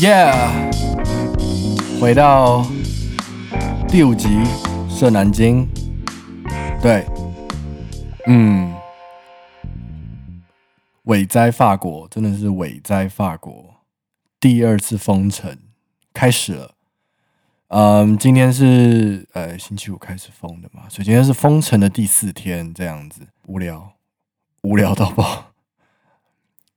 耶！Yeah, 回到第五集，社男經，對，嗯，偉哉法國真的是偉哉法國，第二次封城開始了。嗯，今天是呃星期五開始封的嘛，所以今天是封城的第四天，這樣子無聊，無聊到爆。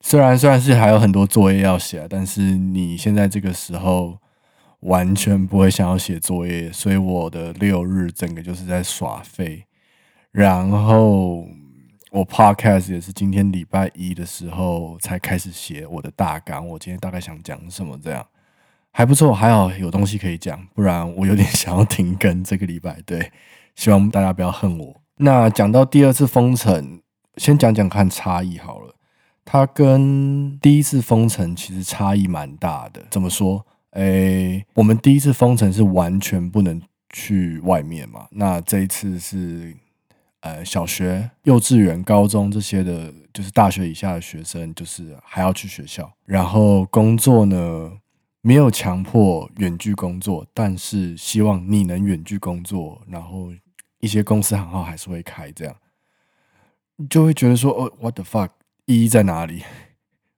雖然雖然是還有很多作業要寫，但是你現在這個時候完全不會想要寫作業，所以我的六日整個就是在耍廢。然後我 podcast 也是今天禮拜一的時候才開始寫我的大綱，我今天大概想講什麼這樣。還不錯，還好有東西可以講，不然我有點想要停更這個禮拜。對，希望大家不要恨我。那講到第二次封城，先講講看差異好了。它跟第一次封城其實差異蠻大的。怎麼說？誒，我們第一次封城是完全不能去外面嘛。那這一次是，呃，小學、幼稚園、高中這些的，就是大學以下的學生，就是還要去學校。然後工作呢，沒有強迫遠距工作，但是希望你能遠距工作。然後一些公司行號還是會開這樣，就會覺得說，哦，what the fuck。意義在哪裡？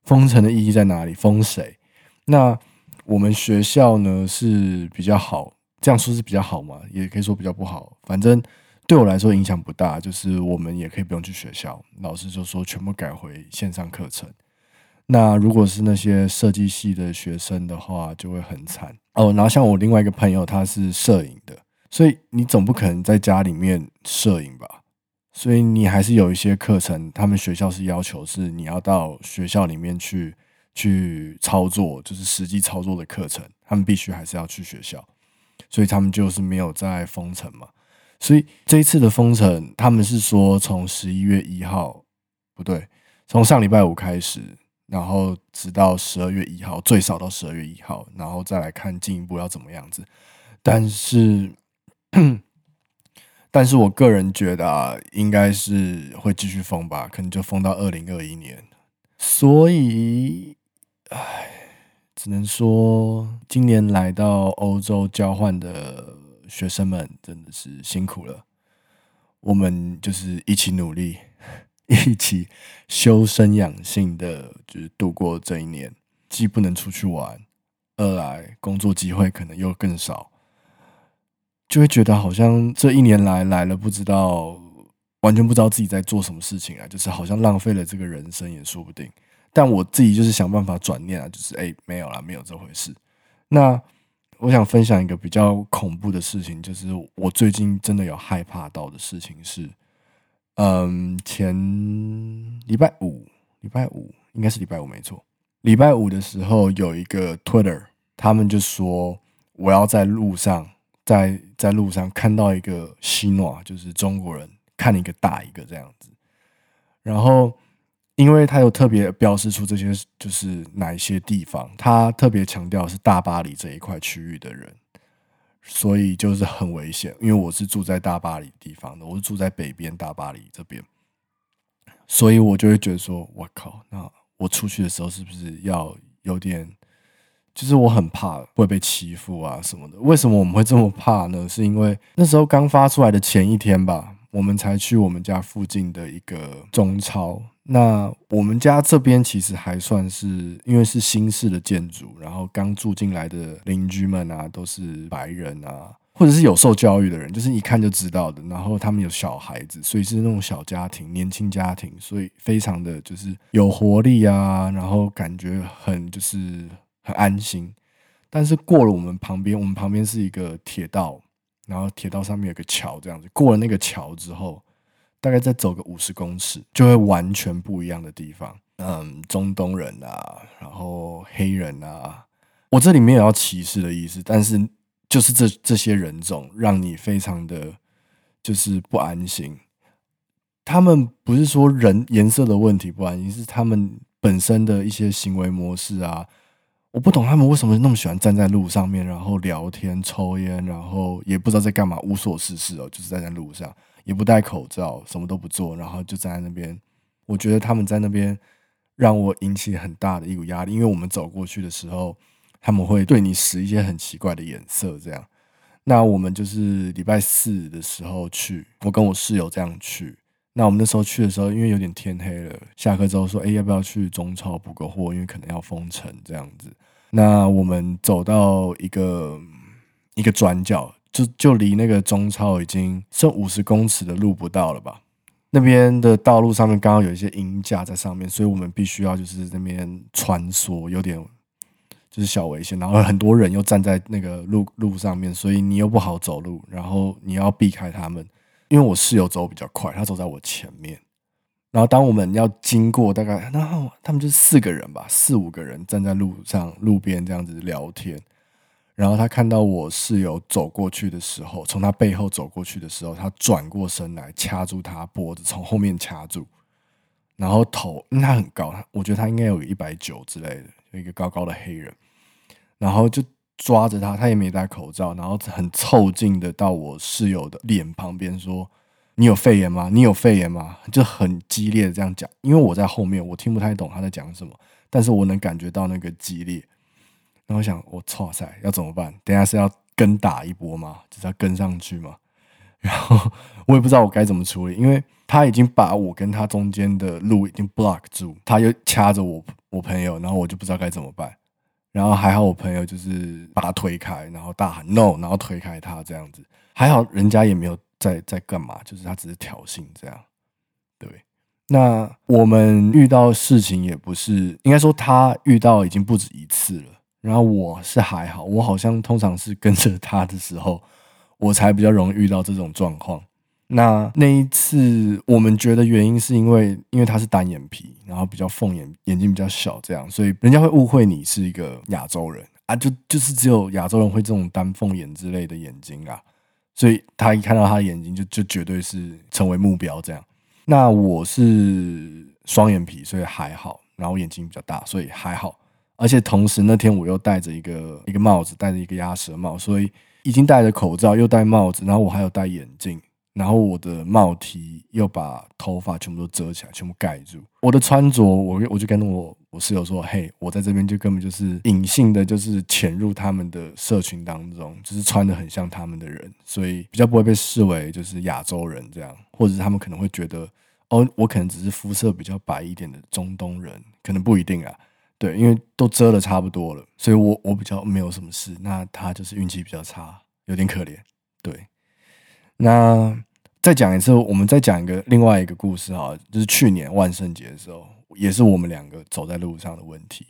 封城的意義在哪裡？封誰？那我們學校呢？是比較好，這樣說是比較好嘛？也可以說比較不好。反正對我來說影響不大，就是我們也可以不用去學校。老師就說全部改回線上課程。那如果是那些設計系的學生的話，就會很慘。哦，然後像我另外一個朋友，他是攝影的，所以你總不可能在家裡面攝影吧？所以你還是有一些課程，他們學校是要求是你要到學校裡面去去操作，就是實際操作的課程，他們必須還是要去學校，所以他們就是沒有在封城嘛。所以這一次的封城，他們是說從十一月一號，不對，從上禮拜五開始，然後直到十二月一號，最少到十二月一號，然後再來看進一步要怎麼樣子。但是。 但是我個人覺得啊，應該是會繼續封吧，可能就封到二零二一年。所以，唉，只能說今年來到歐洲交換的學生們真的是辛苦了。我們就是一起努力，一起修身養性的，就是度過這一年。既不能出去玩，二來工作機會可能又更少。就會覺得好像這一年來來了，不知道，完全不知道自己在做什麼事情啊，就是好像浪費了這個人生也說不定。但我自己就是想辦法轉念啊，就是誒沒有啦，沒有這回事。那我想分享一個比較恐怖的事情，就是我最近真的有害怕到的事情是，嗯，前禮拜五，禮拜五應該是禮拜五沒錯。禮拜五的時候有一個 Twitter，他們就說我要在路上。在在路上看到一個西諾，就是中國人，看一個打一個這樣子。然後，因為他有特別表示出這些，就是哪一些地方，他特別強調是大巴黎這一塊區域的人，所以就是很危險。因為我是住在大巴黎地方的，我是住在北邊大巴黎這邊，所以我就會覺得說，我靠，那我出去的時候是不是要有點？就是我很怕會被欺負啊什麼的。為什麼我們會這麼怕呢？是因為那時候剛發出來的前一天吧，我們才去我們家附近的一個中超。那我們家這邊其實還算是，因為是新式的建築，然後剛住進來的鄰居們啊，都是白人啊，或者是有受教育的人，就是一看就知道的。然後他們有小孩子，所以是那種小家庭、年輕家庭，所以非常的就是有活力啊，然後感覺很就是。很安心，但是，過了我們旁邊，我們旁邊是一個鐵道，然後鐵道上面有個橋，這樣子過了那個橋之後，大概再走個五十公尺，就會完全不一樣的地方。嗯，中東人啊，然後黑人啊，我這裡沒有要歧視的意思，但是就是這這些人種讓你非常的，就是不安心。他們不是說人顏色的問題不安心，是他們本身的一些行為模式啊。我不懂他們為什麼那麼喜歡站在路上面，然後聊天、抽煙，然後也不知道在幹嘛，無所事事哦，就是站在，在路上，也不戴口罩，什麼都不做，然後就站在那邊。我覺得他們在那邊讓我引起很大的一股壓力，因為我們走過去的時候，他們會對你使一些很奇怪的眼色，這樣。那我們就是禮拜四的時候去，我跟我室友這樣去。那我們那時候去的時候，因為有點天黑了，下課之後說，哎，要不要去中超補個貨？因為可能要封城這樣子。那我們走到一個一個轉角，就就離那個中超已經剩五十公尺的路不到了吧？那邊的道路上面剛好有一些鷹架在上面，所以我們必須要就是那邊穿梭，有點就是小危險。然後很多人又站在那個路路上面，所以你又不好走路，然後你要避開他們。因為我室友走比較快，他走在我前面，然後當我們要經過大概，然後他們就是四個人吧，四五個人站在路上路邊這樣子聊天，然後他看到我室友走過去的時候，從他背後走過去的時候，他轉過身來掐住他脖子，從後面掐住，然後頭，因為他很高，我覺得他應該有一百九之類的，一個高高的黑人，然後就。抓着他，他也沒戴口罩，然後很湊近的到我室友的臉旁邊說：“你有肺炎嗎？你有肺炎嗎？”就很激烈的這樣講，因為我在後面，我聽不太懂他在講什麼，但是我能感覺到那個激烈。然後我想，我操塞，要怎麼辦？等下是要跟打一波嗎？就是要跟上去嗎？然後我也不知道我該怎麼處理，因為他已經把我跟他中間的路已經 block 住，他又掐着我我朋友，然後我就不知道該怎麼辦。然後還好，我朋友就是把他推開，然後大喊 “no”，然後推開他這樣子。還好人家也沒有在在幹嘛，就是他只是挑釁這樣。對，那我們遇到事情也不是，應該說他遇到已經不止一次了。然後我是還好，我好像通常是跟着他的時候，我才比較容易遇到這種狀況。那那一次，我們覺得原因是因為，因為他是單眼皮，然後比較鳳眼，眼睛比較小，這樣，所以人家會誤會你是一個亞洲人啊，就就是只有亞洲人會這種單鳳眼之類的眼睛啊，所以他一看到他的眼睛，就就絕對是成為目標這樣。那我是雙眼皮，所以還好，然後眼睛比較大，所以還好，而且同時那天我又戴着一個一個帽子，戴着一個鴨舌帽，所以已經戴着口罩，又戴帽子，然後我還有戴眼鏡。然後我的帽 T 又把頭髮全部都遮起來，全部蓋住。我的穿着，我我就跟我我室友說：“嘿，我在這邊就根本就是隱性的，就是潛入他們的社群當中，就是穿的很像他們的人，所以比較不會被視為就是亞洲人這樣，或者是他們可能會覺得，哦，我可能只是膚色比較白一點的中東人，可能不一定啊。對，因為都遮的差不多了，所以我我比較沒有什麼事。那他就是運氣比較差，有點可憐。對。”那再講一次，我們再講一個另外一個故事哈，就是去年萬聖節的時候，也是我們兩個走在路上的問題。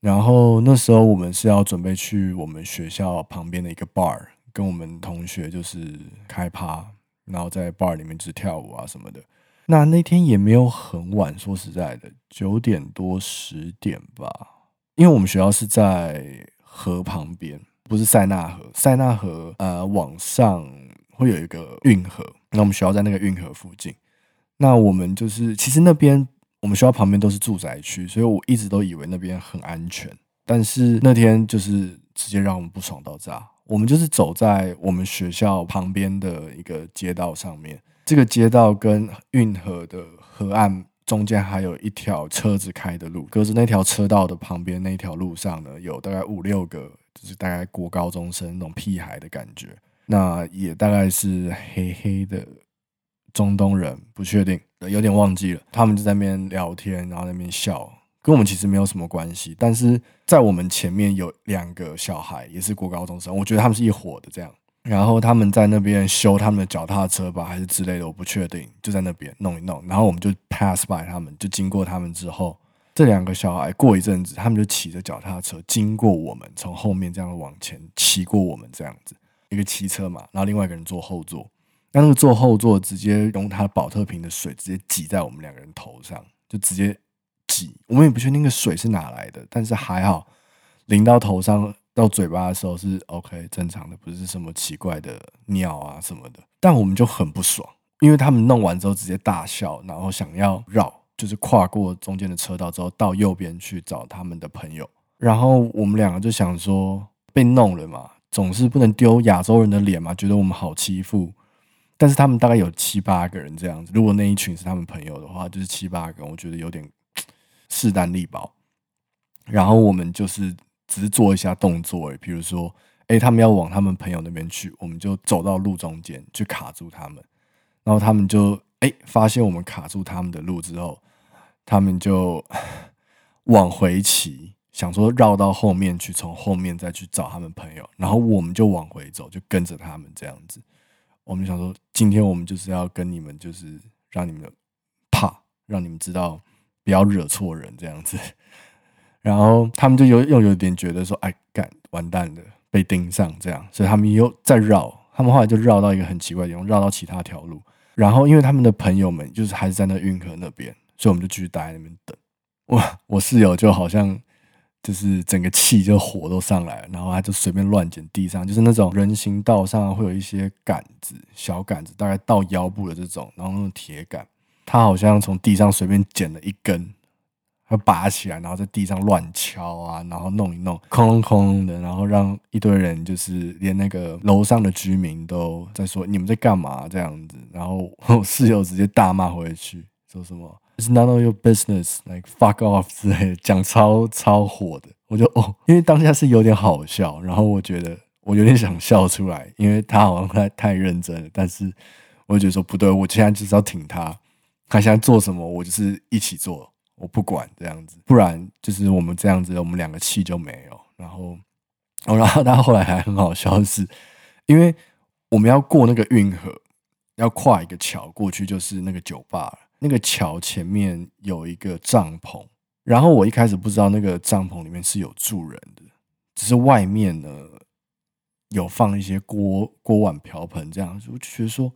然後那時候我們是要準備去我們學校旁邊的一個 bar 跟我們同學就是開趴，然後在 bar 裡面去跳舞啊什麼的。那那天也沒有很晚，說實在的，九點多，十點吧，因為我們學校是在河旁邊，不是塞納河，塞納河呃往上。會有一個運河，那我們學校在那個運河附近。那我們就是其實那邊我們學校旁邊都是住宅區，所以我一直都以為那邊很安全。但是那天就是直接讓我們不爽到炸。我們就是走在我們學校旁邊的一個街道上面，這個街道跟運河的河岸中間還有一條車子開的路，隔着那條車道的旁邊那條路上呢，有大概五六個，就是大概國高中生那種屁孩的感覺。那也大概是黑黑的中東人，不確定，有點忘記了。他們就在那邊聊天，然後在那邊笑，跟我們其實沒有什麼關係。但是在我們前面有兩個小孩，也是國高中生，我覺得他們是一夥的這樣。然後他們在那邊修他們的腳踏車吧，還是之類的，我不確定。就在那邊弄一弄，然後我們就 pass by 他們，就經過他們之後，這兩個小孩過一陣子，他們就騎着腳踏車經過我們，從後面這樣往前騎過我們這樣子。一個騎車嘛，然後另外一個人坐後座，那那個坐後座直接用他的寶特瓶的水直接擠在我們兩個人頭上，就直接擠，我們也不確定那個水是哪來的，但是還好，淋到頭上到嘴巴的時候是 OK 正常的，不是什麼奇怪的尿啊什麼的，但我們就很不爽，因為他們弄完之後直接大笑，然後想要繞，就是跨過中間的車道之後到右邊去找他們的朋友，然後我們兩個就想說被弄了嘛。總是不能丟亞洲人的臉嘛，覺得我們好欺負，但是他們大概有七八個人這樣子。如果那一群是他們朋友的話，就是七八個，我覺得有點勢單力薄。然後我們就是只是做一下動作而已，哎，比如說，哎、欸，他們要往他們朋友那邊去，我們就走到路中間去卡住他們。然後他們就哎、欸，發現我們卡住他們的路之後，他們就往回騎。想說繞到後面去，從後面再去找他們朋友，然後我們就往回走，就跟着他們這樣子。我們想說，今天我們就是要跟你們，就是讓你們怕，讓你們知道不要惹錯人這樣子。然後他們就又又有點覺得說，哎，幹完蛋了，被盯上這樣，所以他們又再繞，他們後來就繞到一個很奇怪的地方，繞到其他條路。然後因為他們的朋友們就是還是在那運河那邊，所以我們就繼續待在那邊等。哇，我室友就好像。就是整個氣就火都上來了，然後他就隨便亂撿地上，就是那種人行道上會有一些桿子，小桿子，大概到腰部的這種，然後那種鐵桿，他好像從地上隨便撿了一根，他拔起來，然後在地上亂敲啊，然後弄一弄，哐隆哐隆的，然後讓一堆人就是連那個樓上的居民都在說你們在幹嘛這樣子，然後我，我室友直接大罵回去，說什麼？It's none of your business，like fuck off 之類的，講超超火的，我就哦，因為當下是有點好笑，然後我覺得我有點想笑出來，因為他好像太認真了，但是我就覺得說不對，我現在就是要挺他，他現在做什麼，我就是一起做，我不管這樣子。不然就是我們這樣子，我們兩個氣就沒有。然後，然後他後來還很好笑的是，因為我們要過那個運河，要跨一個橋過去，就是那個酒吧那個橋前面有一個帳篷，然後我一開始不知道那個帳篷裡面是有住人的，只是外面呢有放一些鍋鍋碗瓢盆這樣子，我就覺得說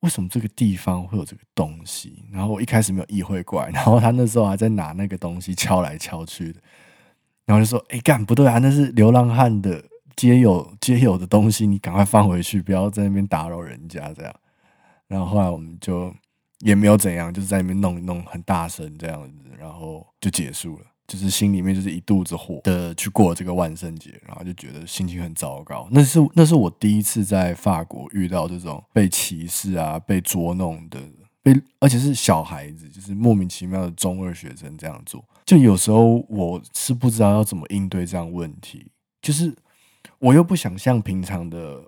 為什麼這個地方會有這個東西？然後我一開始沒有意會過來，然後他那時候還在拿那個東西敲來敲去的，然後就說：“哎、欸、幹，不對啊，那是流浪漢的街友街友的東西，你趕快放回去，不要在那邊打擾人家這樣。”然後後來我們就。也沒有怎樣，就是在那邊弄一弄，很大聲這樣子，然後就結束了。就是心裡面就是一肚子火的去過這個萬聖節，然後就覺得心情很糟糕。那是那是我第一次在法國遇到這種被歧視啊、被捉弄的，被而且是小孩子，就是莫名其妙的中二學生這樣做。就有時候我是不知道要怎麼應對這樣問題，就是我又不想像平常的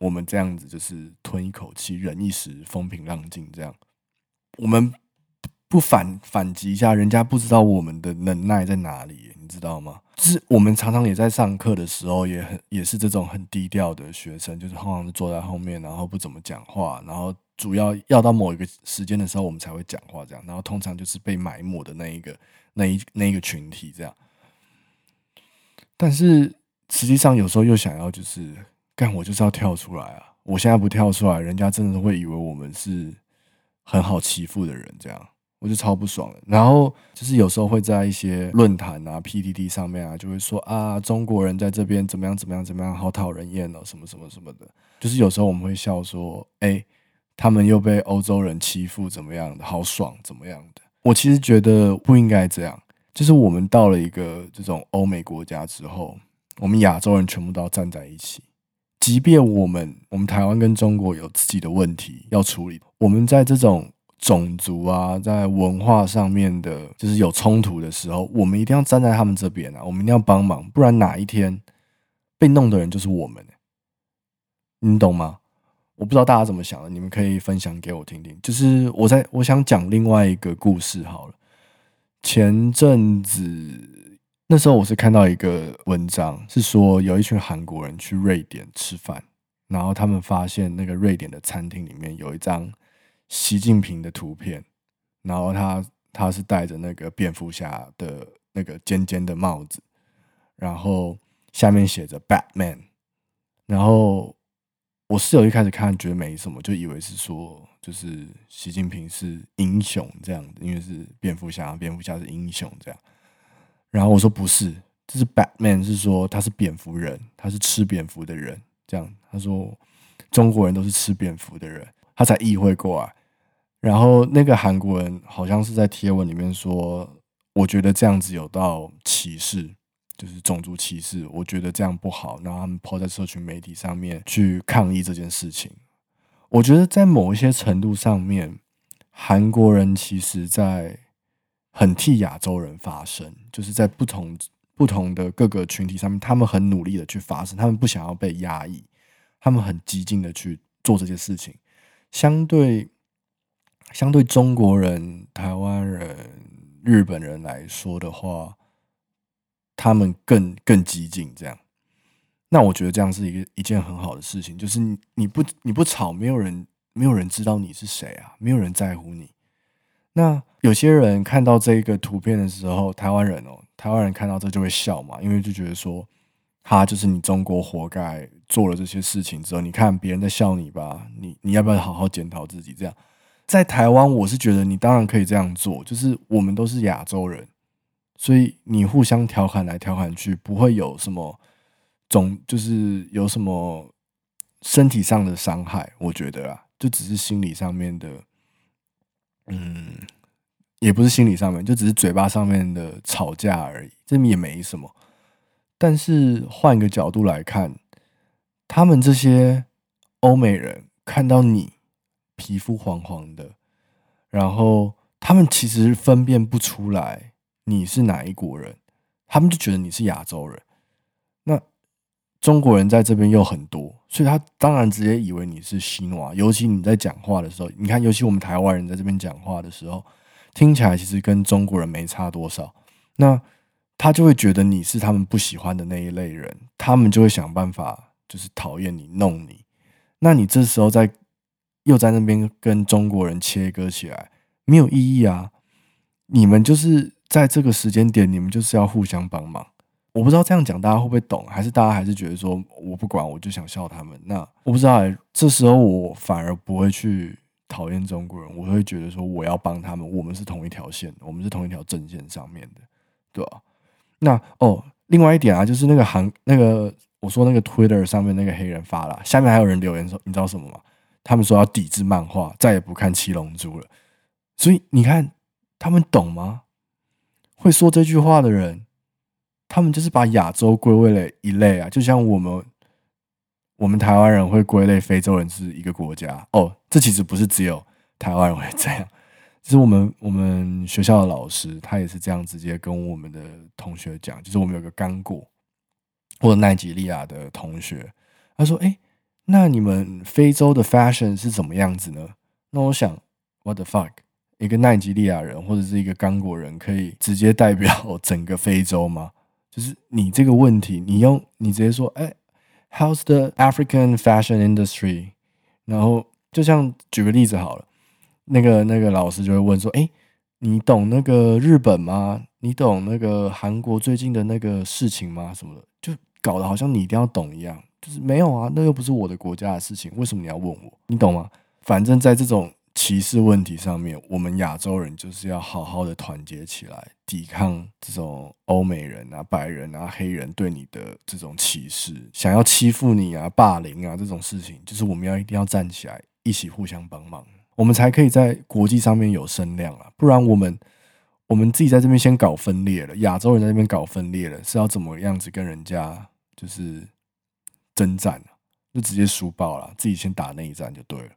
我們這樣子，就是吞一口氣，忍一時風平浪靜這樣。我們不反反擊一下，人家不知道我們的能耐在哪裡，你知道嗎？就是我們常常也在上課的時候，也很也是這種很低調的學生，就是好像坐在後面，然後不怎麼講話，然後主要要到某一個時間的時候，我們才會講話這樣，然後通常就是被埋沒的那一個、那一那一個群體這樣。但是實際上有時候又想要就是幹，我就是要跳出來啊！我現在不跳出來，人家真的會以為我們是。很好欺負的人，這樣我就超不爽了。然後就是有時候會在一些論壇啊、PTT 上面啊，就會說啊，中國人在這邊怎麼樣怎麼樣怎麼樣，好討人厭哦，什麼什麼什麼的。就是有時候我們會笑說，哎、欸，他們又被歐洲人欺負，怎麼樣的，好爽，怎麼樣的。我其實覺得不應該這樣。就是我們到了一個這種歐美國家之後，我們亞洲人全部都要站在一起。即便我們我們台灣跟中國有自己的問題要處理，我們在這種種族啊，在文化上面的，就是有衝突的時候，我們一定要站在他們這邊啊，我們一定要幫忙，不然哪一天被弄的人就是我們、欸，你懂嗎？我不知道大家怎麼想的，你們可以分享給我聽聽。就是我在我想講另外一個故事好了，前陣子。那時候我是看到一個文章，是說有一群韓國人去瑞典吃飯，然後他們發現那個瑞典的餐廳裡面有一張習近平的圖片，然後他他是戴着那個蝙蝠俠的那個尖尖的帽子，然後下面寫着 Batman。然後我室友一開始看覺得沒什麼，就以為是說就是習近平是英雄這樣子，因為是蝙蝠俠，蝙蝠俠是英雄這樣。然後我說不是，這、就是 Batman，是說他是蝙蝠人，他是吃蝙蝠的人。這樣，他說中國人都是吃蝙蝠的人，他才意會過來、啊。然後那個韓國人好像是在貼文裡面說，我覺得這樣子有到歧視，就是種族歧視，我覺得這樣不好。然後他們拋在社群媒體上面去抗議這件事情，我覺得在某一些程度上面，韓國人其實，在。很替亞洲人發聲，就是在不同不同的各個群體上面，他們很努力的去發聲，他們不想要被壓抑，他們很激進的去做這些事情。相對相對中國人、台灣人、日本人來說的話，他們更更激進，這樣。那我覺得這樣是一個一件很好的事情，就是你，你不你不吵，沒有人沒有人知道你是誰啊，沒有人在乎你。那有些人看到這個圖片的時候，台灣人哦、喔，台灣人看到這就會笑嘛，因為就覺得說，哈，就是你中國活該做了這些事情之後，你看別人在笑你吧，你你要不要好好檢討自己？這樣在台灣，我是覺得你當然可以這樣做，就是我們都是亞洲人，所以你互相調侃來調侃去，不會有什麼總就是有什麼身體上的傷害，我覺得啊，就只是心理上面的。嗯，也不是心理上面，就只是嘴巴上面的吵架而已，這也沒什麼。但是換一個角度來看，他們這些歐美人看到你皮膚黃黃的，然後他們其實分辨不出來你是哪一國人，他們就覺得你是亞洲人。中國人在這邊又很多，所以他當然直接以為你是新瓦，尤其你在講話的時候，你看，尤其我們台灣人在這邊講話的時候，聽起來其實跟中國人沒差多少，那他就會覺得你是他們不喜歡的那一類人，他們就會想辦法就是討厭你、弄你。那你這時候在又在那邊跟中國人切割起來，沒有意義啊！你們就是在這個時間點，你們就是要互相幫忙。我不知道這樣講大家會不會懂，還是大家還是覺得說，我不管，我就想笑他們。那我不知道、欸，這時候我反而不會去討厭中國人，我會覺得說，我要幫他們，我們是同一條線，我們是同一條陣線上面的，對吧、啊？那哦，另外一點啊，就是那個韓那個我說那個 Twitter 上面那個黑人發了，下面還有人留言說，你知道什麼嗎？他們說要抵制漫畫，再也不看七龍珠了。所以你看，他們懂嗎？會說這句話的人。他們就是把亞洲歸為了一類啊，就像我們我們台灣人會歸類非洲人是一個國家哦，這其實不是只有台灣人會這樣，只是我們我們學校的老師他也是這樣直接跟我們的同學講，就是我們有個剛果或者奈及利亞的同學，他說：“哎、欸，那你們非洲的 fashion 是怎麼樣子呢？”那我想，what the fuck，一個奈及利亞人或者是一個剛果人可以直接代表整個非洲嗎？就是你這個問題，你用，你直接說，哎，How's the African fashion industry？然後就像舉個例子好了，那個那個老師就會問說，哎，你懂那個日本嗎？你懂那個韓國最近的那個事情嗎？什麼的，就搞得好像你一定要懂一樣，就是沒有啊，那又不是我的國家的事情，為什麼你要問我？你懂嗎？反正在這種。歧視問題上面，我們亞洲人就是要好好的團結起來，抵抗這種歐美人啊、白人啊、黑人對你的這種歧視，想要欺負你啊、霸凌啊這種事情，就是我們要一定要站起來，一起互相幫忙，我們才可以在國際上面有聲量啊！不然我們，我們自己在這邊先搞分裂了，亞洲人在這邊搞分裂了，是要怎麼樣子跟人家就是征戰？就直接輸爆了，自己先打內戰就對了。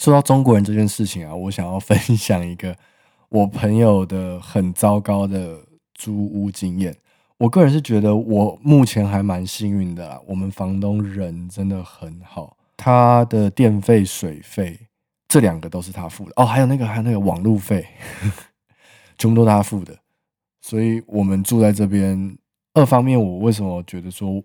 說到中國人這件事情啊，我想要分享一個我朋友的很糟糕的租屋經驗。我個人是覺得我目前還蠻幸運的啊，我們房東人真的很好，他的電費、水費這兩個都是他付的哦，還有那個還有那個網路費呵呵，全部都是他付的。所以我們住在這邊，二方面我為什麼覺得說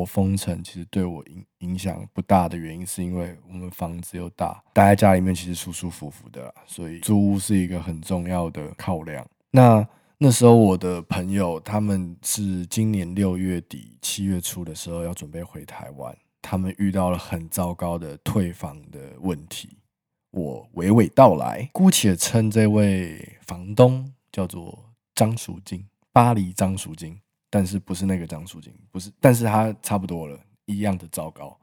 我封城其實對我影影響不大的原因，是因為我們房子又大，待在家裡面其實舒舒服服的，所以租屋是一個很重要的考量。那那時候我的朋友，他們是今年六月底、七月初的時候要準備回台灣，他們遇到了很糟糕的退房的問題。我娓娓道來，姑且稱這位房東叫做張淑晶，巴黎張淑晶。但是不是那個張淑靜，不是，但是他差不多了，一樣的糟糕。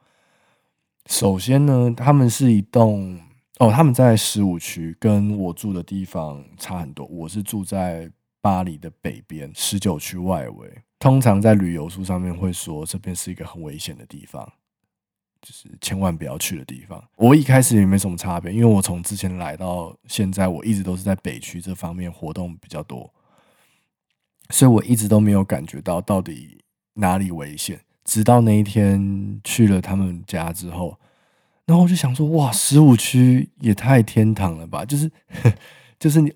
首先呢，他們是一棟，哦，他們在十五區，跟我住的地方差很多。我是住在巴黎的北邊，十九區外圍。通常在旅遊書上面會說，這邊是一個很危險的地方，就是千萬不要去的地方。我一開始也沒什麼差別，因為我從之前來到現在，我一直都是在北區這方面活動比較多。所以我一直都沒有感覺到到底哪裡危險，直到那一天去了他們家之後，然後我就想說，哇，十五區也太天堂了吧！就是就是你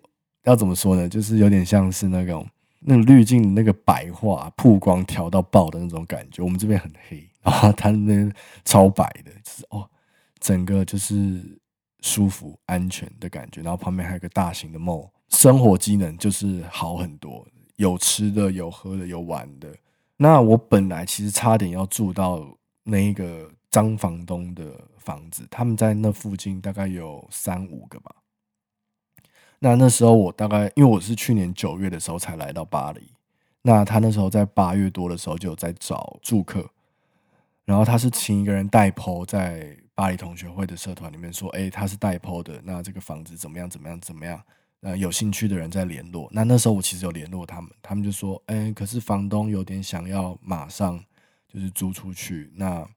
要怎麼說呢？就是有點像是那種那種濾鏡、那個白化、曝光調到爆的那種感覺。我們這邊很黑，然後他那邊超白的，就是哦，整個就是舒服、安全的感覺。然後旁邊還有個大型的 mall，生活機能就是好很多。有吃的，有喝的，有玩的。那我本來其實差點要住到那一個張房東的房子，他們在那附近大概有三五個吧。那那時候我大概，因為我是去年九月的時候才來到巴黎，那他那時候在八月多的時候就有在找住客，然後他是請一個人代 PO 在巴黎同學會的社團裡面說，哎、欸，他是代 PO 的，那這個房子怎麼樣，怎麼樣，怎麼樣？呃，有興趣的人在聯絡。那那時候我其實有聯絡他們，他們就說：“哎、欸，可是房東有點想要馬上就是租出去，那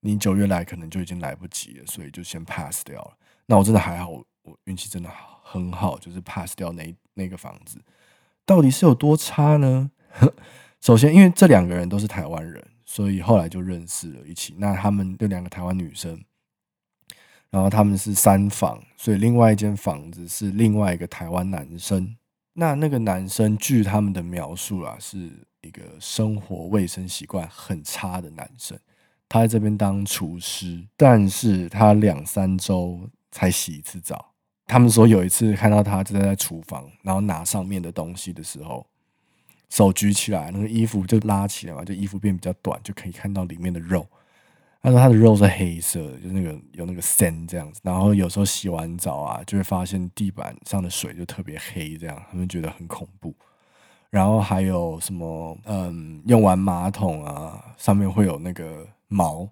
你九月來可能就已經來不及了，所以就先 pass 掉了。”那我真的還好，我運氣真的很好，就是 pass 掉那那個房子。到底是有多差呢？首先，因為這兩個人都是台灣人，所以後來就認識了一起。那他們這兩個台灣女生。然後他們是三房，所以另外一間房子是另外一個台灣男生。那那個男生，據他們的描述啊，是一個生活衛生習慣很差的男生。他在這邊當廚師，但是他兩三周才洗一次澡。他們說有一次看到他就在廚房，然後拿上面的東西的時候，手舉起來，那個衣服就拉起來嘛，就衣服變比較短，就可以看到裡面的肉。他說他的肉是黑色的，就是那個有那個森這樣子，然後有時候洗完澡啊，就會發現地板上的水就特別黑，這樣他們覺得很恐怖。然後還有什麼，嗯，用完馬桶啊，上面會有那個毛，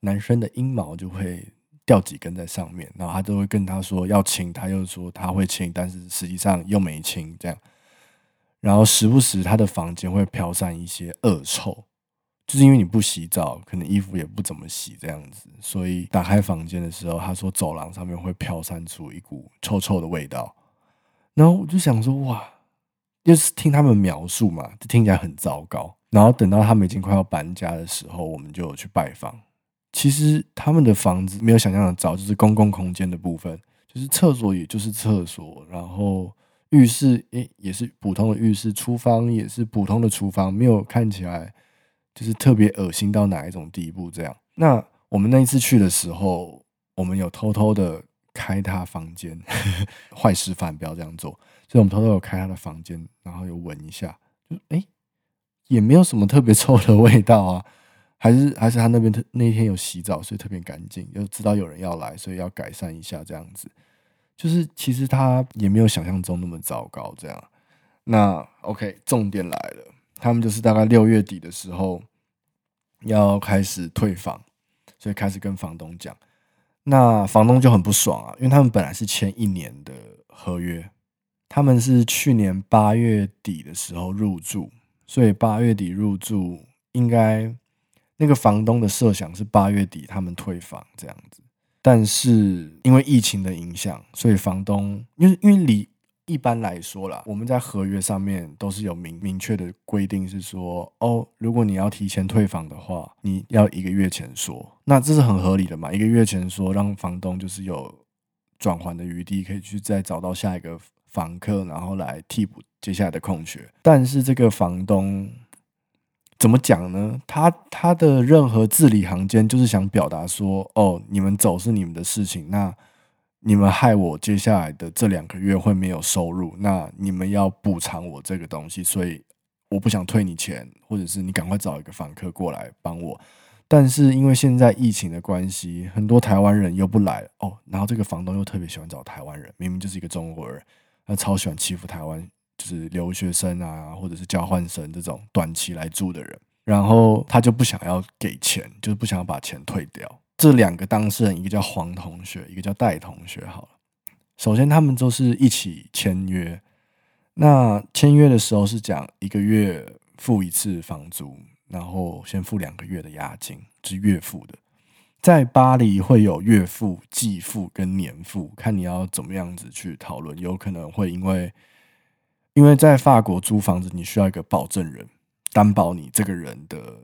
男生的陰毛就會掉幾根在上面，然後他都會跟他說要清，他又說他會清，但是實際上又沒清這樣。然後時不時他的房間會飄散一些惡臭。就是因為你不洗澡，可能衣服也不怎麼洗，這樣子，所以打開房間的時候，他說走廊上面會飄散出一股臭臭的味道。然後我就想說，哇，就是聽他們描述嘛，聽起來很糟糕。然後等到他們已經快要搬家的時候，我們就有去拜訪。其實他們的房子沒有想象的糟，就是公共空間的部分，就是廁所也就是廁所，然後浴室也是普通的浴室，廚房也是普通的廚房，沒有看起來。就是特別惡心到哪一種地步這樣？那我們那一次去的時候，我們有偷偷的開他房間，壞示範，不要這樣做。所以，我們偷偷有開他的房間，然後有聞一下，就、嗯、哎、欸，也沒有什麼特別臭的味道啊。還是還是他那邊那一天有洗澡，所以特別乾淨。又知道有人要來，所以要改善一下這樣子。就是其實他也沒有想象中那麼糟糕這樣。那 OK，重點來了，他們就是大概六月底的時候。要開始退房，所以開始跟房東講，那房東就很不爽啊，因為他們本來是簽一年的合約，他們是去年八月底的時候入住，所以八月底入住應該那個房東的設想是八月底他們退房這樣子，但是因為疫情的影響，所以房東因為因為離。一般來說啦，我們在合約上面都是有明明確的規定，是說哦，如果你要提前退房的話，你要一個月前說，那這是很合理的嘛，一個月前說，讓房東就是有轉圜的餘地，可以去再找到下一個房客，然後來替補接下來的空缺。但是這個房東怎麼講呢？他他的任何字裡行間就是想表達說，哦，你們走是你們的事情，那。你們害我接下來的這兩個月會沒有收入，那你們要補償我這個東西，所以我不想退你錢，或者是你趕快找一個房客過來幫我。但是因為現在疫情的關係，很多台灣人又不來哦，然後這個房東又特別喜歡找台灣人，明明就是一個中國人，他超喜歡欺負台灣，就是留學生啊，或者是交換生這種短期來住的人，然後他就不想要給錢，就是不想要把錢退掉。這兩個當事人，一個叫黃同學，一個叫戴同學。好了，首先他們就是一起簽約。那簽約的時候是講一個月付一次房租，然後先付兩個月的押金，是月付的。在巴黎會有月付、季付跟年付，看你要怎麼樣子去討論。有可能會因為，因為在法國租房子，你需要一個保證人擔保你這個人的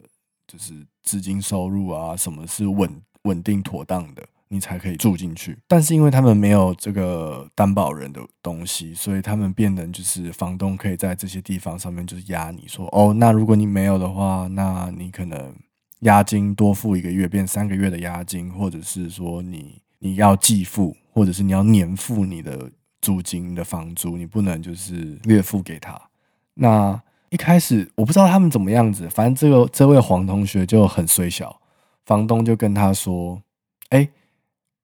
就是資金收入啊，什麼是穩，穩定妥當的，你才可以住進去。但是因為他們沒有這個擔保人的東西，所以他們變得就是房東可以在這些地方上面就是壓你說哦，那如果你沒有的話，那你可能押金多付一個月，變三個月的押金，或者是說你你要季付，或者是你要年付你的租金的房租，你不能就是月付給他。那一開始我不知道他們怎麼樣子，反正這個這位黃同學就很衰小。房東就跟他說：“哎、欸，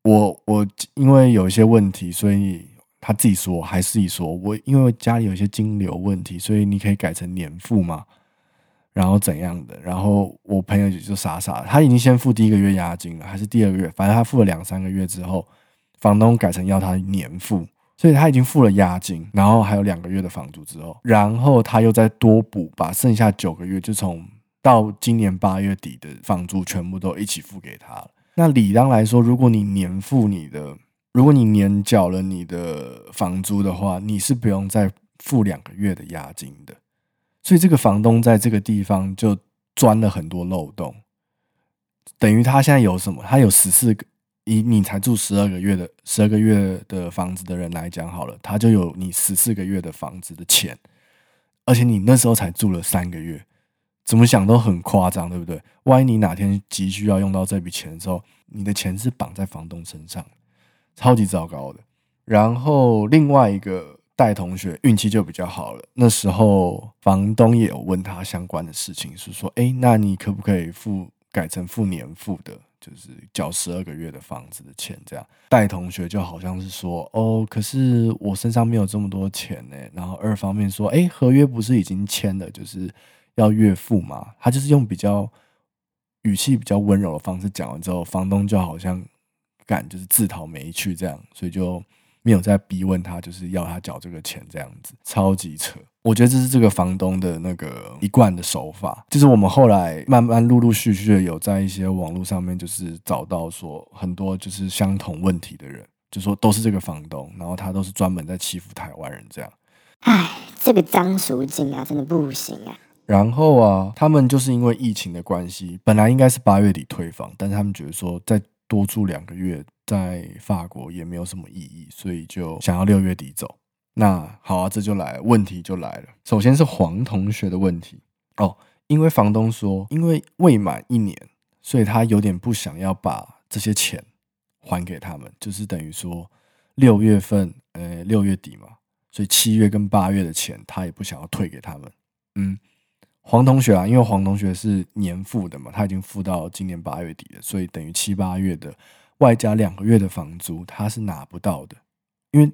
我我因為有一些問題，所以他自己說還是自己說，我因為家裡有一些金流問題，所以你可以改成年付嘛？然後怎樣的？然後我朋友就傻傻，他已經先付第一個月押金了，還是第二個月？反正他付了兩三個月之後，房東改成要他年付，所以他已經付了押金，然後還有兩個月的房租之後，然後他又再多補，把剩下九個月就從。”到今年八月底的房租全部都一起付給他了。那理當來說，如果你年付你的，如果你年繳了你的房租的話，你是不用再付兩個月的押金的。所以這個房東在這個地方就鑽了很多漏洞，等於他現在有什麼？他有十四個，以你才住十二個月的十二個月的房子的人來講好了，他就有你十四個月的房子的錢，而且你那時候才住了三個月。怎麼想都很誇張，對不對？萬一你哪天急需要用到這筆錢的時候，你的錢是綁在房東身上，超級糟糕的。然後另外一個戴同學運氣就比較好了，那時候房東也有問他相關的事情，是說：“誒，那你可不可以付改成付年付的，就是繳十二個月的房子的錢？”這樣戴同學就好像是說：“哦，可是我身上沒有這麼多錢呢、欸。”然後二方面說：“誒，合約不是已經簽了，就是。”要岳父嘛，他就是用比較語氣比較溫柔的方式講完之後，房東就好像敢就是自討沒趣這樣，所以就沒有再逼問他，就是要他繳這個錢這樣子，超級扯。我覺得這是這個房東的那個一貫的手法。就是我們後來慢慢陸陸續續的有在一些網絡上面，就是找到說很多就是相同問題的人，就說都是這個房東，然後他都是專門在欺負台灣人這樣。哎，這個張淑晶啊，真的不行啊。然後啊，他們就是因為疫情的關係，本來應該是八月底退房，但是他們覺得說再多住兩個月在法國也沒有什麼意義，所以就想要六月底走。那好啊，這就來問題就來了。首先是黃同學的問題哦，因為房東說因為未滿一年，所以他有點不想要把這些錢還給他們，就是等於說六月份，呃，六月底嘛，所以七月跟八月的錢他也不想要退給他們，嗯。黃同學啊，因為黃同學是年付的嘛，他已經付到今年八月底了，所以等於七八月的外加兩個月的房租，他是拿不到的。因為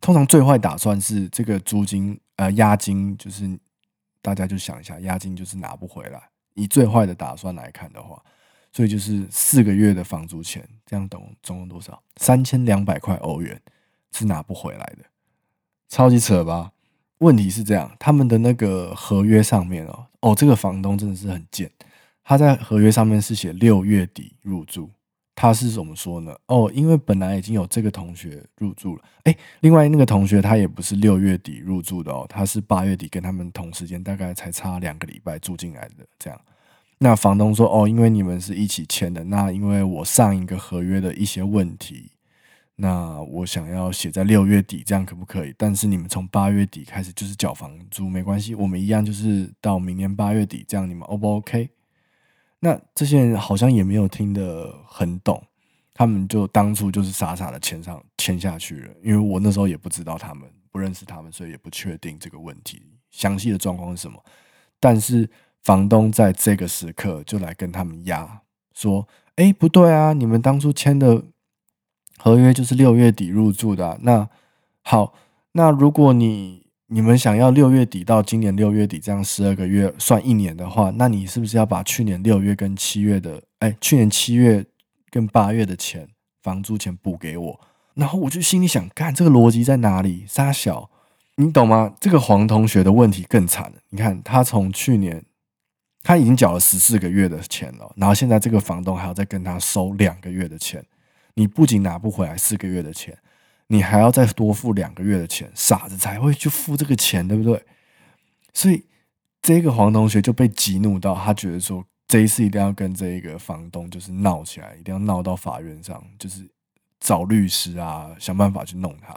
通常最壞打算是這個租金呃押金，就是大家就想一下，押金就是拿不回來。以最壞的打算來看的話，所以就是四個月的房租錢，這樣總總共多少？三千兩百塊歐元是拿不回來的，超級扯吧？問題是這樣，他們的那個合約上面喔，哦，這個房東真的是很賤，他在合約上面是寫六月底入住，他是怎麼說呢？哦，因為本來已經有這個同學入住了，欸，另外那個同學他也不是六月底入住的喔，他是八月底跟他們同時間，大概才差兩個禮拜住進來的這樣，那房東說哦，因為你們是一起簽的，那因為我上一個合約的一些問題。那我想要寫在六月底，這樣可不可以？但是你們從八月底開始就是繳房租，沒關係，我們一樣就是到明年八月底，這樣你們 O 不 OK？那這些人好像也沒有聽得很懂，他們就當初就是傻傻的簽上簽下去了。因為我那時候也不知道他們不認識他們，所以也不確定這個問題詳細的狀況是什麼。但是房東在這個時刻就來跟他們壓說：“誒、欸，不對啊，你們當初簽的。”合約就是六月底入住的啊，那好，那如果你你們想要六月底到今年六月底這樣十二個月算一年的話，那你是不是要把去年六月跟七月的，哎，去年七月跟八月的錢房租錢補給我？然後我就心裡想，幹，這個邏輯在哪裡？沙小，你懂嗎？這個黃同學的問題更慘了，你看，他從去年他已經繳了十四個月的錢了，然後現在這個房東還要再跟他收兩個月的錢。你不僅拿不回來四個月的錢，你還要再多付兩個月的錢，傻子才會去付這個錢，對不對？所以這個黃同學就被激怒到，他覺得說這一次一定要跟這個房東就是鬧起來，一定要鬧到法院上，就是找律師啊，想辦法去弄他。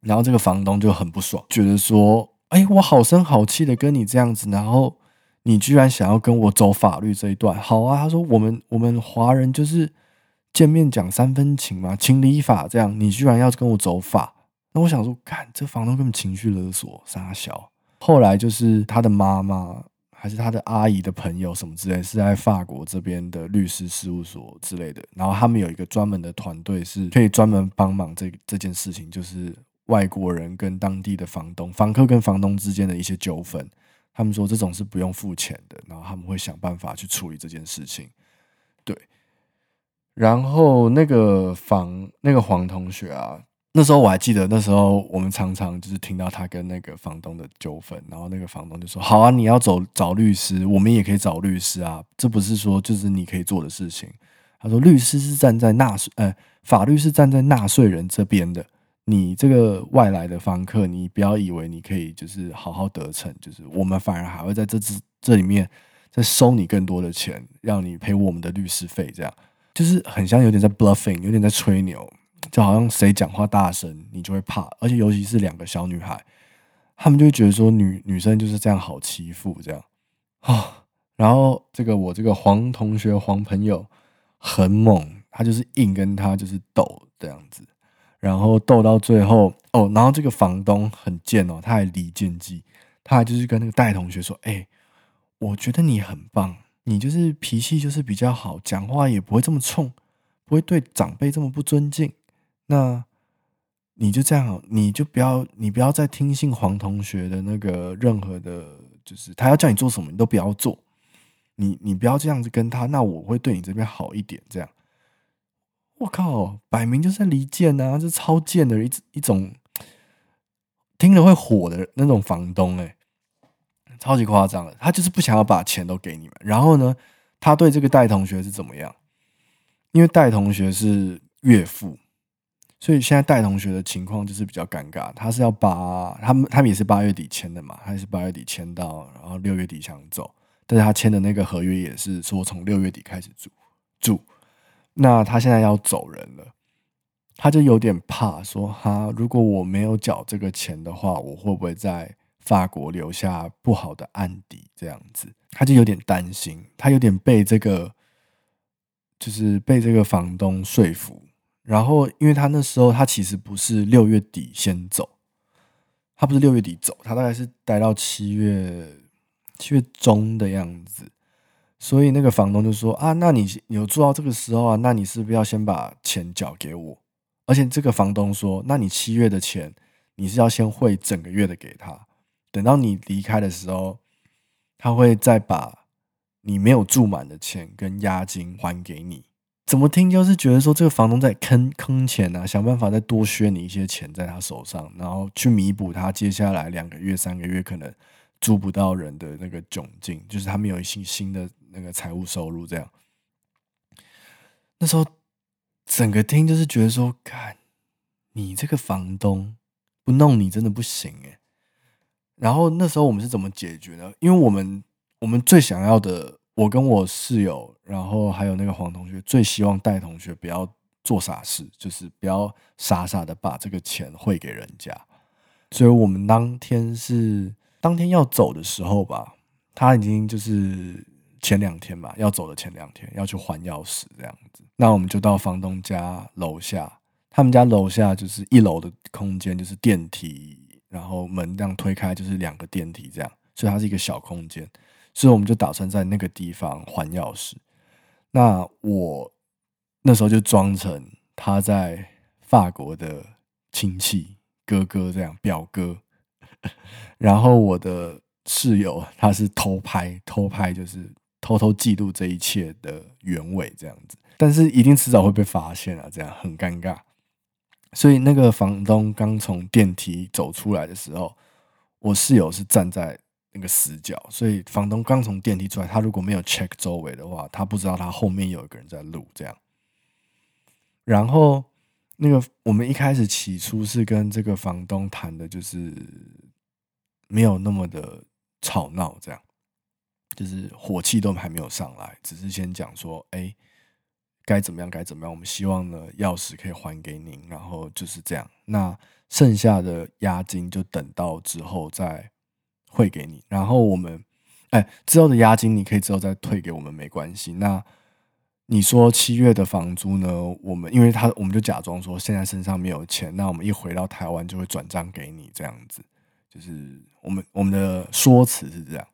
然後這個房東就很不爽，覺得說：“哎，我好聲好氣的跟你這樣子，然後你居然想要跟我走法律這一段？好啊，他說我們我們華人就是。”見面講三分情嘛，情理法這樣，你居然要跟我走法？那我想說，看，這房東根本情緒勒索，殺小。後來就是他的媽媽，還是他的阿姨的朋友什麼之類，是在法國這邊的律師事務所之類的。然後他們有一個專門的團隊，是可以專門幫忙這這件事情，就是外國人跟當地的房東、房客跟房東之間的一些糾紛。他們說這種是不用付錢的，然後他們會想辦法去處理這件事情。然後那個房那個黃同學啊，那時候我還記得，那時候我們常常就是聽到他跟那個房東的糾紛，然後那個房東就說：“好啊，你要走，找律師，我們也可以找律師啊，這不是說就是你可以做的事情。”他說：“律師是站在納稅，呃，法律是站在納稅人這邊的，你這個外來的房客，你不要以為你可以就是好好得逞，就是我們反而還會在這這裡面再收你更多的錢，讓你賠我們的律師費這樣。”就是很像有點在 bluffing，有點在吹牛，就好像誰講話大聲，你就會怕。而且尤其是兩個小女孩，他們就會覺得說女女生就是這樣好欺負這樣啊、哦。然後這個我這個黃同學黃朋友很猛，他就是硬跟他就是鬥這樣子，然後鬥到最後哦，然後這個房東很賤哦，他還離間計，他還就是跟那個戴同學說：“哎、欸，我覺得你很棒。”你就是脾氣就是比較好，講話也不會這麼衝，不會對長輩這麼不尊敬。那你就這樣，你就不要，你不要再聽信黃同學的那個任何的，就是他要叫你做什麼，你都不要做。你你不要這樣子跟他，那我會對你這邊好一點。這樣，我靠，擺明就是在離間啊，就超賤的一一種，聽了會火的那種房東哎、欸。超級誇張的，他就是不想要把錢都給你們。然後呢，他對這個戴同學是怎麼樣？因為戴同學是岳父，所以現在戴同學的情況就是比較尷尬。他是要把他們，他們也是八月底簽的嘛，他也是八月底簽到，然後六月底想走，但是他簽的那個合約也是說從六月底開始住住。那他現在要走人了，他就有點怕說哈，如果我沒有繳這個錢的話，我會不會在？法國留下不好的案底，這樣子，他就有點擔心，他有點被這個，就是被這個房東說服。然後，因為他那時候他其實不是六月底先走，他不是六月底走，他大概是待到七月七月中的樣子。所以那個房東就說：“啊，那你有住到這個時候啊？那你是不是要先把錢繳給我？而且這個房東說，那你七月的錢，你是要先匯整個月的給他。”等到你離開的時候，他會再把，你沒有住滿的錢跟押金還給你。怎麼聽就是覺得說，這個房東在坑坑錢啊，想辦法再多削你一些錢在他手上，然後去彌補他接下來兩個月、三個月可能住不到人的那個窘境，就是他沒有新新的那個財務收入這樣。那時候整個聽就是覺得說，看，你這個房東不弄你真的不行誒、欸。然後那時候我們是怎麼解決呢？因為我們我們最想要的，我跟我室友，然後還有那個黃同學，最希望戴同學不要做傻事，就是不要傻傻的把這個錢匯給人家。所以我們當天是當天要走的時候吧，他已經就是前兩天吧，要走的前兩天要去還鑰匙這樣子。那我們就到房東家樓下，他們家樓下就是一樓的空間，就是電梯。然後門這樣推開，就是兩個電梯這樣，所以它是一個小空間，所以我們就打算在那個地方還鑰匙。那我那時候就裝成他在法國的親戚哥哥這樣，表哥，然後我的室友他是偷拍，偷拍就是偷偷記錄這一切的原委這樣子，但是一定遲早會被發現啊，這樣很尷尬。所以那個房東剛從電梯走出來的時候，我室友是站在那個死角，所以房東剛從電梯出來，他如果沒有 check 周圍的話，他不知道他後面有一個人在錄這樣。然後那個我們一開始起初是跟這個房東談的，就是沒有那麼的吵鬧，這樣就是火氣都還沒有上來，只是先講說，欸。該怎麼樣？該怎麼樣？我們希望呢，鑰匙可以還給您，然後就是這樣。那剩下的押金就等到之後再匯給你。然後我們，哎，之後的押金你可以之後再退給我們，沒關係。那你說七月的房租呢？我們因為他，我們就假裝說現在身上沒有錢，那我們一回到台灣就會轉賬給你，這樣子。就是我們我們的說辭是這樣。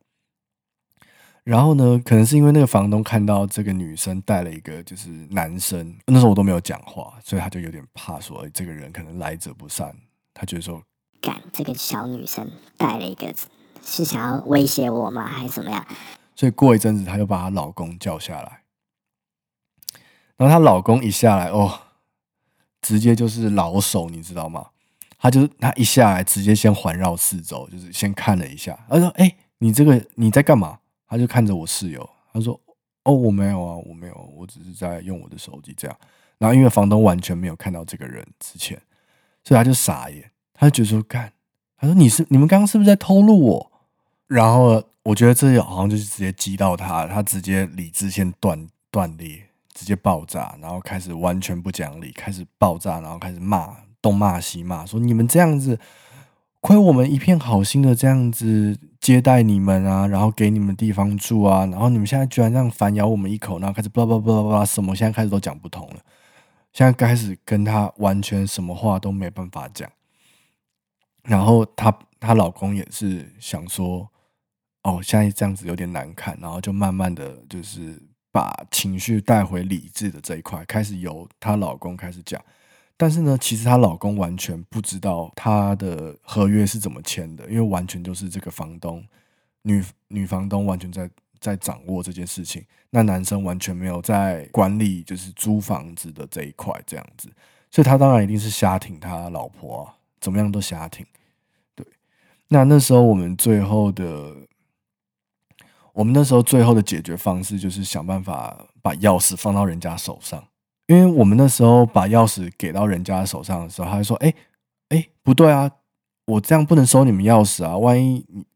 然後呢，可能是因為那個房東看到這個女生帶了一個就是男生，那時候我都沒有講話，所以他就有點怕說，說，哎，這個人可能來者不善。他覺得說，幹，這個小女生帶了一個，是想要威脅我嗎？還是怎麼樣？所以過一陣子，她就把她老公叫下來。然後她老公一下來，哦，直接就是老手，你知道嗎？他就是他一下來，直接先環繞四周，就是先看了一下。他說：“哎，你這個，你在幹嘛？”他就看着我室友，他說：“哦，我沒有啊，我沒有啊，我只是在用我的手機這樣。”然後因為房東完全沒有看到這個人之前，所以他就傻眼，他就覺得說：“幹，他說你是你們剛剛是不是在偷錄我？”然後我覺得這好像就是直接激到他，他直接理智線斷斷裂，直接爆炸，然後開始完全不講理，開始爆炸，然後開始罵，東罵西罵，說你們這樣子。虧我們一片好心的這樣子接待你們啊，然後給你們地方住啊，然後你們現在居然這樣反咬我們一口，然後開始巴拉巴拉巴拉巴拉什麼，現在開始都講不通了，現在開始跟她完全什麼話都沒辦法講。然後她她老公也是想說，哦，現在這樣子有點難看，然後就慢慢的就是把情緒帶回理智的這一塊，開始由她老公開始講。但是呢，其實她老公完全不知道她的合約是怎麼簽的，因為完全就是這個房東，女女房東完全在在掌握這件事情，那男生完全沒有在管理，就是租房子的這一塊這樣子，所以他當然一定是瞎挺他老婆啊，怎麼樣都瞎挺。對，那那時候我們最後的，我們那時候最後的解決方式就是想辦法把鑰匙放到人家手上。因為我們那時候把鑰匙給到人家的手上的時候，他就說：“欸，欸，不對啊，我這樣不能收你們鑰匙啊！萬一你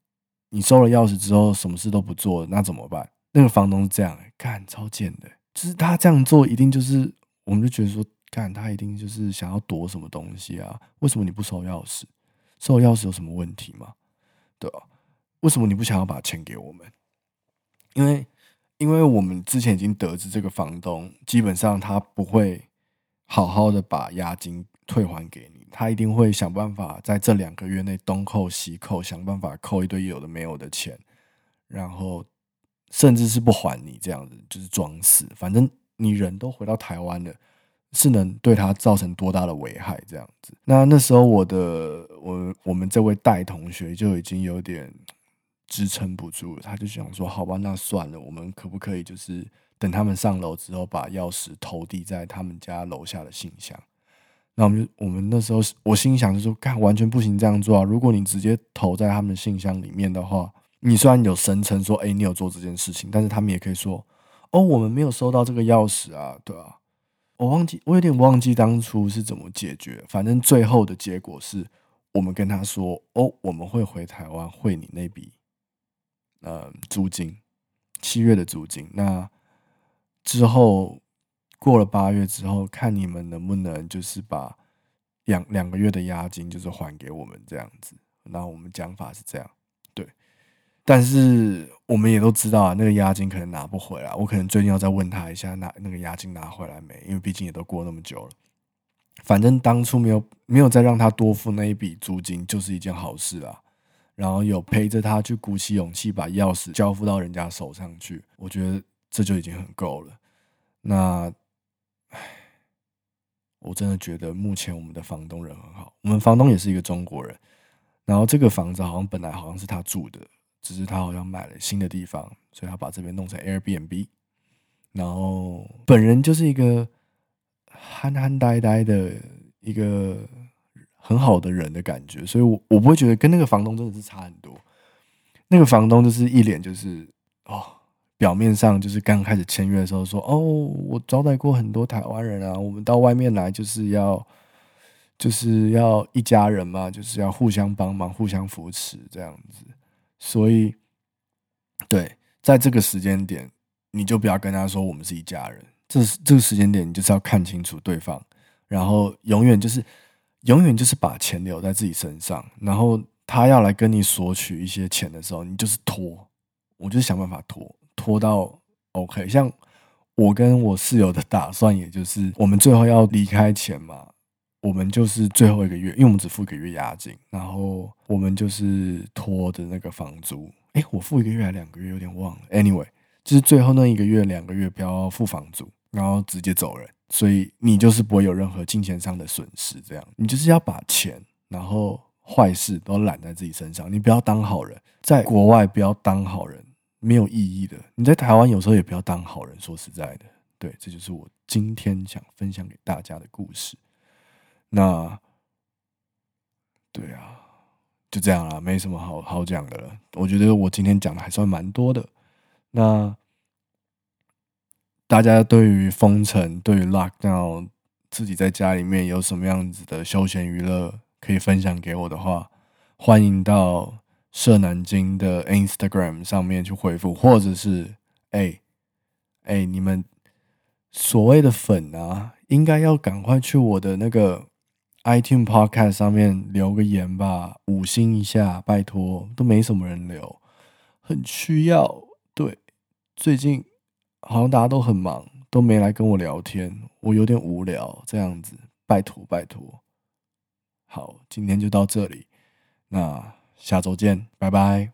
你收了鑰匙之後，什麼事都不做，那怎麼辦？”那個房東是這樣欸，幹，超賤的欸，就是他這樣做一定就是，我們就覺得說，幹，他一定就是想要奪什麼東西啊？為什麼你不收鑰匙？收鑰匙有什麼問題嗎？對吧？為什麼你不想要把錢給我們？因為。因為我們之前已經得知，這個房東基本上他不會好好的把押金退還給你，他一定會想辦法在這兩個月內東扣西扣，想辦法扣一堆有的沒有的錢，然後甚至是不還你這樣子，就是裝死。反正你人都回到台灣了，是能對他造成多大的危害？這樣子，那那時候我的我我們這位戴同學就已經有點。支撐不住，他就想說：“好吧，那算了，我們可不可以就是等他們上樓之後，把鑰匙投遞在他們家樓下的信箱？”那我們就我們那時候，我心想就說：“看，完全不行這樣做啊！如果你直接投在他們信箱裡面的話，你雖然有聲稱說‘哎、欸，你有做這件事情’，但是他們也可以說‘哦，我們沒有收到這個鑰匙啊’，對吧、啊？我忘記，我有點忘記當初是怎麼解決。反正最後的結果是我們跟他說：‘哦，我們會回台灣匯你那筆。’呃，嗯，租金，七月的租金，那之後過了八月之後，看你們能不能就是把兩兩個月的押金就是還給我們這樣子。那我們講法是這樣，對。但是我們也都知道啊，那個押金可能拿不回來。我可能最近要再問他一下，那那個押金拿回來沒？因為畢竟也都過那麼久了。反正當初沒有沒有再讓他多付那一筆租金，就是一件好事啦。然後有陪着他去鼓起勇氣把鑰匙交付到人家手上去，我覺得這就已經很夠了。那，我真的覺得目前我們的房東人很好，我們房東也是一個中國人。然後這個房子好像本來好像是他住的，只是他好像買了新的地方，所以他把這邊弄成 Airbnb。然後本人就是一個憨憨呆呆的一個。很好的人的感覺，所以我，我我不會覺得跟那個房東真的是差很多。那個房東就是一臉就是哦，表面上就是剛開始簽約的時候說哦，我招待過很多台灣人啊，我們到外面來就是要就是要一家人嘛，就是要互相幫忙、互相扶持這樣子。所以，對，在這個時間點，你就不要跟他說我們是一家人。這是這個時間點，你就是要看清楚對方，然後永遠就是。永遠就是把錢留在自己身上，然後他要來跟你索取一些錢的時候，你就是拖，我就是想辦法拖，拖到 OK。像我跟我室友的打算，也就是我們最後要離開前嘛，我們就是最後一個月，因為我們只付一個月押金，然後我們就是拖的那個房租。誒、欸，我付一個月還兩個月，有點忘了。Anyway，就是最後那一個月兩個月不要付房租，然後直接走人。所以你就是不會有任何金錢上的損失，這樣你就是要把錢，然後壞事都攬在自己身上，你不要當好人，在國外不要當好人，沒有意義的。你在台灣有時候也不要當好人，說實在的，對，這就是我今天想分享給大家的故事。那，對啊，就這樣了，沒什麼好好講的了。我覺得我今天講的還算蠻多的。那。大家對於封城，對於 lockdown 自己在家裡面有什麼樣子的休閒娛樂可以分享給我的話，歡迎到社男經的 Instagram 上面去回復，或者是哎哎、欸欸，你們所謂的粉啊，應該要趕快去我的那個 iTunes Podcast 上面留個言吧，五星一下，拜託，都沒什麼人留，很需要，對，最近。好像大家都很忙，都沒來跟我聊天，我有點無聊，這樣子，拜託拜託，好，今天就到這裡，那下週見，拜拜。